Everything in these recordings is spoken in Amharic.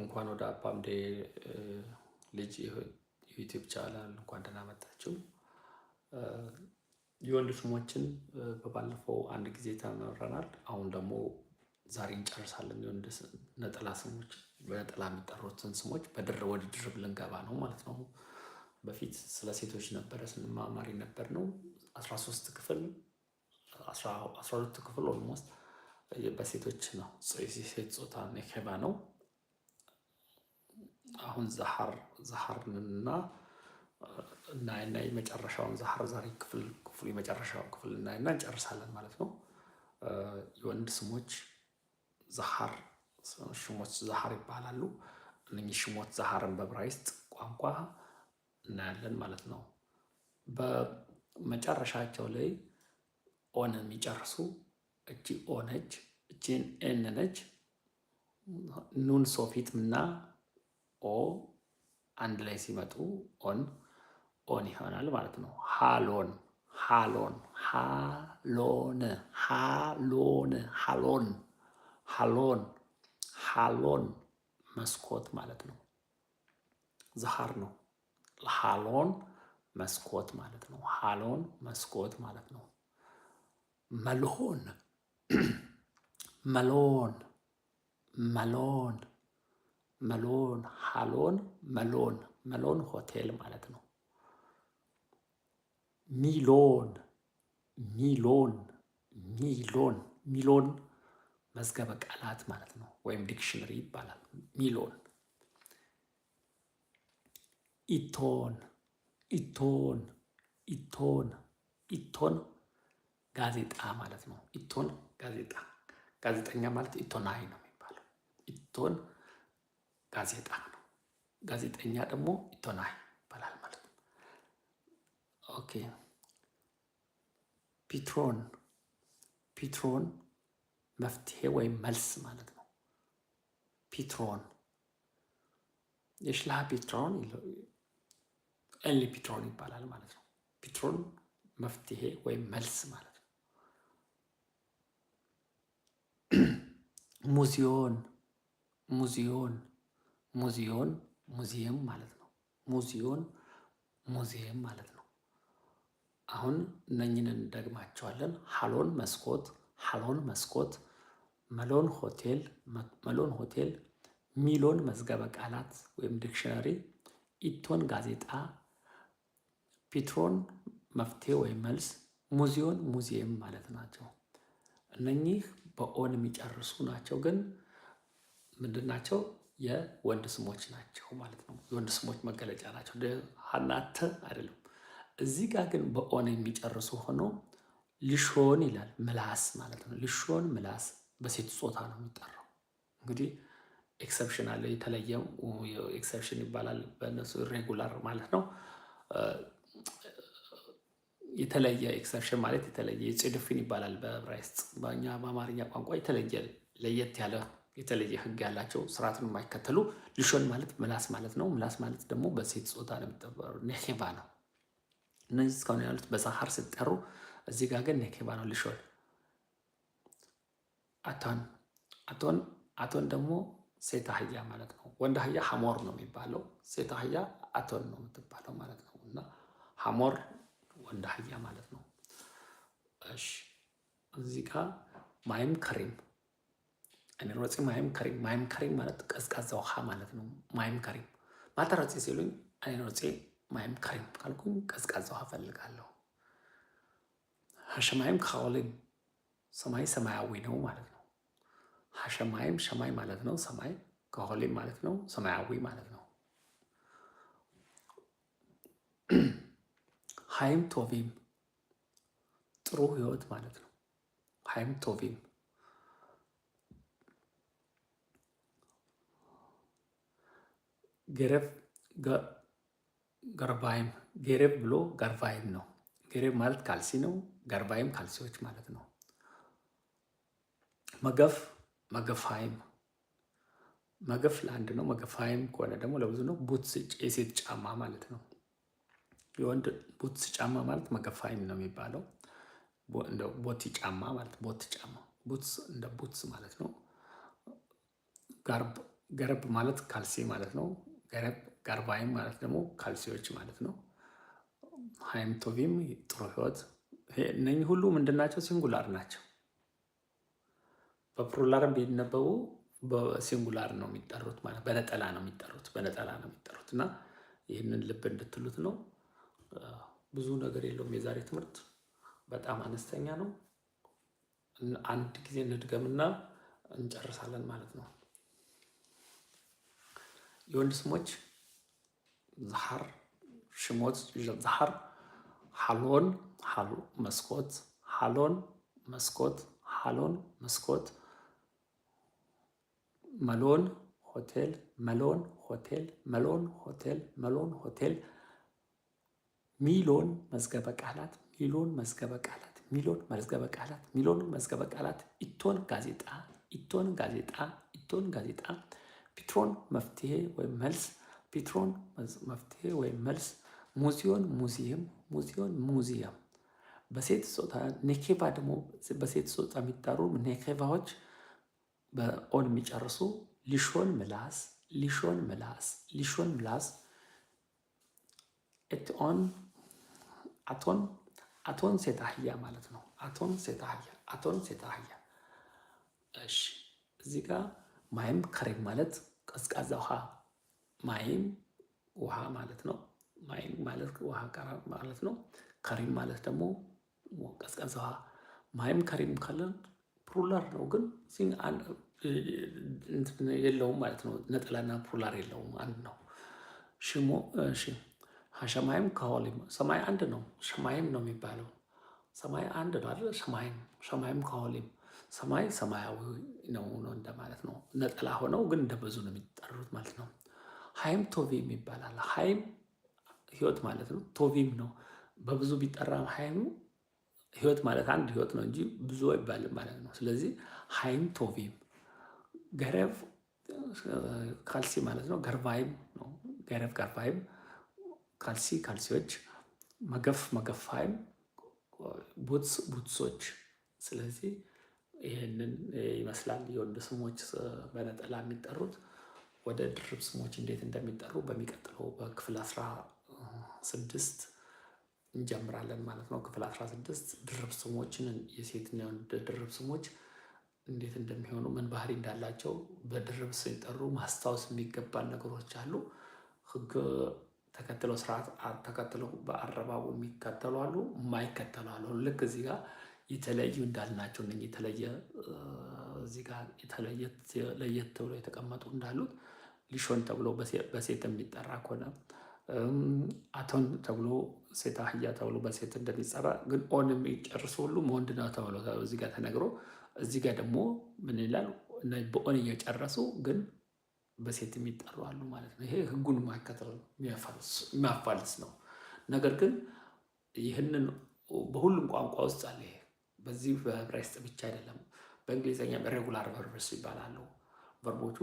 እንኳን ወደ አፓምዴ ልጅ ዩቲዩብ ቻናል እንኳን ደህና መጣችሁ። የወንድ ስሞችን በባለፈው አንድ ጊዜ ተመረናል። አሁን ደግሞ ዛሬ እንጨርሳለን። የወንድ ነጠላ ስሞች፣ በነጠላ የሚጠሩትን ስሞች በድር ወደ ድር ልንገባ ነው ማለት ነው። በፊት ስለ ሴቶች ነበረ ስንማማሪ ነበር ነው 13 ክፍል 12 ክፍል ኦልሞስት በሴቶች ነው ሴት ጾታ ኔኬባ ነው አሁን ዛሐር ዛሐርንና እናይና የመጨረሻውን ዛሐር ዛሬ ክፍል ክፍሉ የመጨረሻውን ክፍል እናይና እንጨርሳለን ማለት ነው። የወንድ ስሞች ዛሐር ሽሞች ዛሐር ይባላሉ። እነኚህ ሽሞች ዛሐርን በዕብራይስጥ ቋንቋ እናያለን ማለት ነው። በመጨረሻቸው ላይ ኦን የሚጨርሱ እቺ ኦነች፣ እቺን ኤንነች ኑን ሶፊትም እና ኦ አንድ ላይ ሲመጡ ኦን ኦን ይሆናል ማለት ነው። ሃሎን ሃሎን ሃሎን ሃሎን ሃሎን ሃሎን ሃሎን መስኮት ማለት ነው። ዝሃር ነው። ሃሎን መስኮት ማለት ነው። ሃሎን መስኮት ማለት ነው። መልሆን መሎን መሎን መሎን ሃሎን መሎን መሎን ሆቴል ማለት ነው። ሚሎን ሚሎን ሚሎን ሚሎን መዝገበ ቃላት ማለት ነው፣ ወይም ዲክሽነሪ ይባላል። ሚሎን ኢቶን ኢቶን ኢቶን ኢቶን ጋዜጣ ማለት ነው። ኢቶን ጋዜጣ ጋዜጠኛ ማለት ኢቶናይ ነው የሚባለው። ኢቶን ጋዜጣ ነው። ጋዜጠኛ ደግሞ ኢቶናይ ይባላል ማለት ነው። ኦኬ ፒትሮን ፒትሮን መፍትሄ ወይም መልስ ማለት ነው። ፒትሮን የሽላሃ ፒትሮን ኤሊ ፒትሮን ይባላል ማለት ነው። ፒትሮን መፍትሄ ወይም መልስ ማለት ነው። ሙዚዮን ሙዚዮን ሙዚዮን ሙዚየም ማለት ነው። ሙዚዮን ሙዚየም ማለት ነው። አሁን እነኝን እንደግማቸዋለን። ሀሎን መስኮት፣ ሀሎን መስኮት፣ መሎን ሆቴል፣ መሎን ሆቴል፣ ሚሎን መዝገበ ቃላት ወይም ዲክሽነሪ፣ ኢቶን ጋዜጣ፣ ፒትሮን መፍትሄ ወይም መልስ፣ ሙዚዮን ሙዚየም ማለት ናቸው። እነኚህ በኦን የሚጨርሱ ናቸው። ግን ምንድን ናቸው? የወንድ ስሞች ናቸው ማለት ነው። የወንድ ስሞች መገለጫ ናቸው። ሀናተ አይደለም። እዚህ ጋር ግን በኦን የሚጨርሱ ሆኖ ልሾን ይላል። ምላስ ማለት ነው። ልሾን ምላስ በሴት ጾታ ነው የሚጠራው። እንግዲህ ኤክሰፕሽን አለ፣ የተለየ ኤክሰፕሽን ይባላል በእነሱ ሬጉላር ማለት ነው። የተለየ ኤክሰፕሽን ማለት የተለየ ጽድፍን ይባላል በዕብራይስጥ። በእኛ በአማርኛ ቋንቋ የተለየ ለየት ያለ የተለየ ህግ ያላቸው ስርዓትን የማይከተሉ ልሾን ማለት ምላስ ማለት ነው። ምላስ ማለት ደግሞ በሴት ጾታ ለሚጠበሩ ኔኬቫ ኔኬባ ነው። እነዚህ እስካሁን ያሉት በዛሃር ሲጠሩ፣ እዚህ ጋር ግን ኔኬባ ነው ልሾን። አቶን አቶን አቶን ደግሞ ሴት አህያ ማለት ነው። ወንድ አህያ ሐሞር ነው የሚባለው፣ ሴት አህያ አቶን ነው የምትባለው ማለት ነው። እና ሐሞር ወንድ አህያ ማለት ነው። እሺ እዚህ ጋር ማይም ከሪም እኔ ማይም ከሪም ማይም ከሪም ማለት ቀዝቃዛ ውሃ ማለት ነው። ማይም ከሪም ማታ ሮፄ ሲሉኝ እኔ ሮፄ ማይም ከሪም ካልኩኝ ቀዝቃዛ ውሃ ፈልጋለሁ። ሸማይም ካውሊም ሰማይ ሰማያዊ ነው ማለት ነው። ሸማይም ሸማይ ማለት ነው ሰማይ ካውሊም ማለት ነው ሰማያዊ ማለት ነው። ሃይም ቶቪም ጥሩ ህይወት ማለት ነው። ሃይም ቶቪም ገረብ ገርባይም ገረብ ብሎ ገርባይም ነው። ገረብ ማለት ካልሲ ነው። ገርባይም ካልሲዎች ማለት ነው። መገፍ መገፋይም መገፍ ለአንድ ነው። መገፋይም ከሆነ ደግሞ ለብዙ ነው። ቡትስ የሴት ጫማ ማለት ነው። የወንድ ቡትስ ጫማ ማለት መገፋይም ነው የሚባለው። ቦቲ ጫማ ማለት ቦቲ ጫማ ቡትስ እንደ ቡትስ ማለት ነው። ገረብ ማለት ካልሲ ማለት ነው። ገረብ ማለት ደግሞ ካልሲዎች ማለት ነው። ሀይም ቶቪም ጥሩ ህይወት። እነኚህ ሁሉ ምንድናቸው ሲንጉላር ናቸው። በፕሩላር ቢነበቡ በሲንጉላር ነው የሚጠሩት፣ ማለት በነጠላ ነው የሚጠሩት፣ በነጠላ ነው የሚጠሩት እና ይህንን ልብ እንድትሉት ነው። ብዙ ነገር የለውም። የዛሬ ትምህርት በጣም አነስተኛ ነው። አንድ ጊዜ እንድገምና እንጨርሳለን ማለት ነው። የወንድ ስሞች ዛሃር ሽሞት ዛሃር ሃሎን መስኮት ሃሎን መስኮት ሃሎን መስኮት መሎን ሆቴል መሎን ሆቴል መሎን ሆቴል መሎን ሆቴል ሚሎን መዝገበ ቃላት ሚሎን መዝገበ ቃላት ሚሎን መዝገበ ቃላት ሚሎን መዝገበ ቃላት ኢቶን ጋዜጣ ኢቶን ጋዜጣ ኢቶን ጋዜጣ ፒትሮን መፍትሄ ወይም መልስ፣ ፒትሮን መፍትሄ ወይም መልስ፣ ሙዚዮን ሙዚየም፣ ሙዚዮን ሙዚየም። በሴት ጾታ ኔኬቫ ደግሞ በሴት ጾታ የሚጠሩ ኔኬቫዎች በኦን የሚጨርሱ ሊሾን ምላስ፣ ሊሾን ምላስ፣ ሊሾን ምላስ፣ ኤትኦን አቶን አቶን ሴት አህያ ማለት ነው። አቶን ሴት አቶን ሴት አህያ። እሺ እዚህ ጋር ማይም ከሬም ማለት ቀዝቃዛ ውሃ ማይም ውሃ ማለት ነው። ማይም ማለት ውሃ ማለት ነው። ከሪም ማለት ደግሞ ቀዝቃዛ ውሃ። ማይም ከሪም ካለን ፕሩላር ነው፣ ግን የለውም ማለት ነው። ነጠላና ፕሩላር የለውም፣ አንድ ነው። ሽሞ ሸማይም ከሆሊም ሰማይ አንድ ነው። ሸማይም ነው የሚባለው። ሰማይ አንድ ነው አይደል? ሸማይም ሸማይም ከሆሊም ሰማይ ሰማያዊ ነው ነው እንደማለት ነው። ነጠላ ሆነው ግን እንደ ብዙ ነው የሚጠሩት ማለት ነው። ሀይም ቶቪም ይባላል። ሀይም ህይወት ማለት ነው። ቶቪም ነው በብዙ ቢጠራም ሀይሙ ህይወት ማለት አንድ ህይወት ነው እንጂ ብዙ አይባልም ማለት ነው። ስለዚህ ሀይም ቶቪም ገረብ ካልሲ ማለት ነው። ገርቫይም ነው። ገረብ ገርቫይም ካልሲ ካልሲዎች፣ መገፍ መገፋይም ቡትስ ቡትሶች። ስለዚህ ይህንን ይመስላል የወንድ ስሞች በነጠላ የሚጠሩት። ወደ ድርብ ስሞች እንዴት እንደሚጠሩ በሚቀጥለው በክፍል አስራ ስድስት እንጀምራለን ማለት ነው። ክፍል አስራ ስድስት ድርብ ስሞችን የሴትና የወንድ ድርብ ስሞች እንዴት እንደሚሆኑ ምን ባህሪ እንዳላቸው በድርብ ሲጠሩ ማስታወስ የሚገባን ነገሮች አሉ። ህግ ተከትለው ስርዓት ተከትለው በአረባቡ የሚከተሉ አሉ፣ የማይከተሉ አሉ። ልክ እዚህ ጋር የተለዩ እንዳልናቸው እነ የተለየ እዚህ ጋር ለየት ተብሎ የተቀመጡ እንዳሉት ሊሾን ተብሎ በሴት የሚጠራ ከሆነ አቶን ተብሎ ሴት አህያ ተብሎ በሴት እንደሚጠራ ግን ኦን የሚጨርሱ ሁሉ ወንድ ነው ተብሎ እዚህ ጋር ተነግሮ እዚህ ጋር ደግሞ ምን ይላል? በኦን እየጨረሱ ግን በሴት የሚጠሩ አሉ ማለት ነው። ይሄ ህጉን ማይከተል የሚያፋልስ ነው። ነገር ግን ይህንን በሁሉም ቋንቋ ውስጥ አለ። በዚህ በዕብራይስጥ ብቻ አይደለም፣ በእንግሊዝኛ ሬጉላር ቨርብስ ይባላሉ። ቨርቦቹ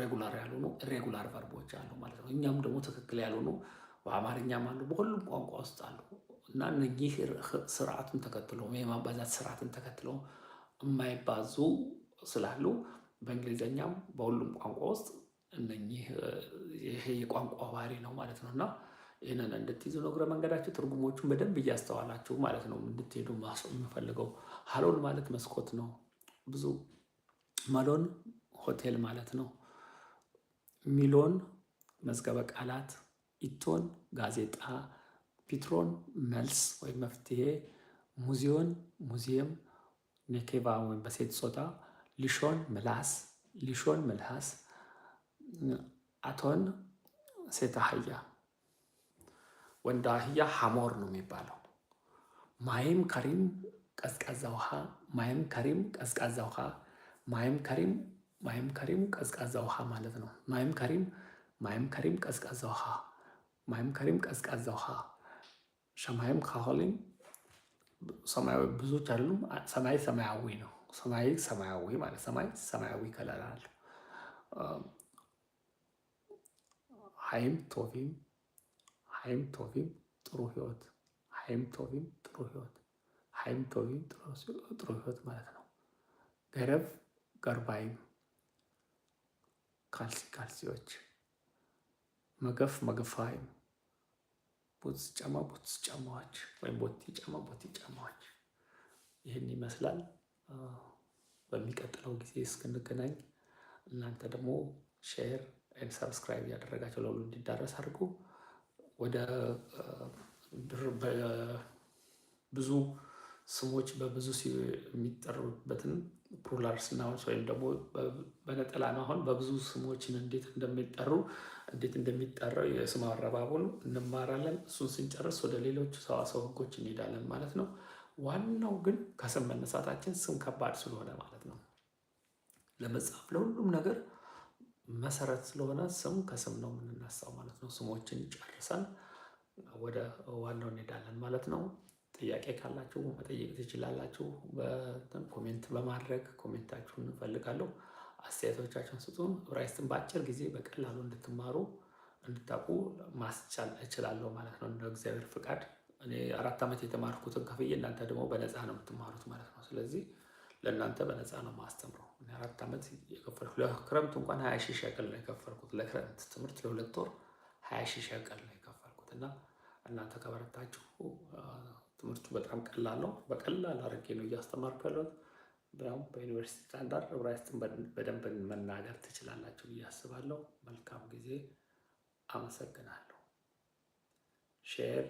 ሬጉላር ያልሆኑ ሬጉላር ቨርቦች አሉ ማለት ነው። እኛም ደግሞ ትክክል ያልሆኑ በአማርኛም አሉ፣ በሁሉም ቋንቋ ውስጥ አሉ እና እነዚህ ስርዓቱን ተከትሎ የማባዛት ስርዓትን ተከትሎ የማይባዙ ስላሉ በእንግሊዝኛም በሁሉም ቋንቋ ውስጥ እነኚህ ይሄ የቋንቋ ባህሪ ነው ማለት ነው እና ይህንን እንድትይዙ ነው እግረ መንገዳችሁ። ትርጉሞቹን በደንብ እያስተዋላችሁ ማለት ነው እንድትሄዱ የምፈልገው። ሀሎን ማለት መስኮት ነው። ብዙ መሎን ሆቴል ማለት ነው። ሚሎን መዝገበ ቃላት፣ ኢቶን ጋዜጣ፣ ፒትሮን መልስ ወይም መፍትሄ፣ ሙዚዮን ሙዚየም፣ ኔኬቫ ወይም በሴት ጾታ፣ ሊሾን ምላስ ሊሾን ምልሃስ አቶን ሴት አህያ ወንድ አህያ ሐሞር ነው የሚባለው። ማይም ከሪም ቀዝቃዛ ውሃ፣ ማይም ከሪም ቀዝቃዛ ውሃ፣ ማይም ከሪም ማይም ከሪም ቀዝቃዛ ውሃ ማለት ነው። ማይም ከሪም ማይም ከሪም ቀዝቃዛ ውሃ፣ ማይም ከሪም ቀዝቃዛ ውሃ። ሸማይም ካሆሊም ሰማያዊ ብዙዎች አይደሉም። ሰማይ ሰማያዊ ነው። ሰማይ ሰማያዊ ማለት ሰማይ ሰማያዊ ከለር አለው። ሀይም ሀይም ቶቪም ጥሩ ህይወት፣ ሀይም ቶቪም ጥሩ ህይወት፣ ሀይም ቶቪም ጥሩ ህይወት ማለት ነው። ገረብ ገርባይም፣ ካልሲ ካልሲዎች፣ መገፍ መገፋይም፣ ቡትስ ጫማ ቡትስ ጫማዎች ወይም ቦቲ ጫማ ቦቲ ጫማዎች። ይህን ይመስላል። በሚቀጥለው ጊዜ እስክንገናኝ እናንተ ደግሞ ሼር ኤንድ ሰብስክራይብ እያደረጋቸው ለሁሉ እንዲዳረስ አድርጉ። ወደ ብዙ ስሞች በብዙ የሚጠሩበትን ፕሉራል ናውንስ ወይም ደግሞ በነጠላ ነው። አሁን በብዙ ስሞችን እንዴት እንደሚጠሩ እንዴት እንደሚጠራው የስም አረባቡን እንማራለን። እሱን ስንጨርስ ወደ ሌሎቹ ሰዋሰው ህጎች እንሄዳለን ማለት ነው። ዋናው ግን ከስም መነሳታችን ስም ከባድ ስለሆነ ማለት ነው ለመጻፍ ለሁሉም ነገር መሰረት ስለሆነ ስም ከስም ነው የምንነሳው ማለት ነው። ስሞችን ጨርሰን ወደ ዋናው እንሄዳለን ማለት ነው። ጥያቄ ካላችሁ መጠየቅ ትችላላችሁ። ኮሜንት በማድረግ ኮሜንታችሁን እንፈልጋለሁ። አስተያየቶቻችሁን ስጡን። ዕብራይስጥን በአጭር ጊዜ በቀላሉ እንድትማሩ እንድታውቁ ማስቻል እችላለሁ ማለት ነው እንደ እግዚአብሔር ፍቃድ። እኔ አራት ዓመት የተማርኩትን ከፍዬ እናንተ ደግሞ በነፃ ነው የምትማሩት ማለት ነው። ስለዚህ ለእናንተ በነፃ ነው ማስተምረው። አራት ዓመት የከፈልኩ ለክረምት እንኳን ሀያ ሺህ ሸቀል ነው የከፈልኩት። ለክረምት ትምህርት ለሁለት ወር ሀያ ሺህ ሸቀል ነው የከፈልኩት እና እናንተ ከበረታችሁ ትምህርቱ በጣም ቀላል ነው። በቀላል አድርጌ ነው እያስተማርኩ ያለሁት። ያው በዩኒቨርሲቲ ስታንዳርድ ዕብራይስጥን በደንብ መናገር ትችላላችሁ ብዬ አስባለሁ። መልካም ጊዜ። አመሰግናለሁ። ሼር፣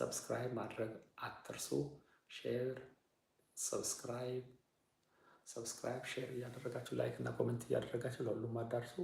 ሰብስክራይብ ማድረግ አትርሱ። ሼር፣ ሰብስክራይብ ሰብስክራይብ፣ ሼር እያደረጋችሁ ላይክ እና ኮሜንት እያደረጋችሁ ለሁሉም አዳርሱ።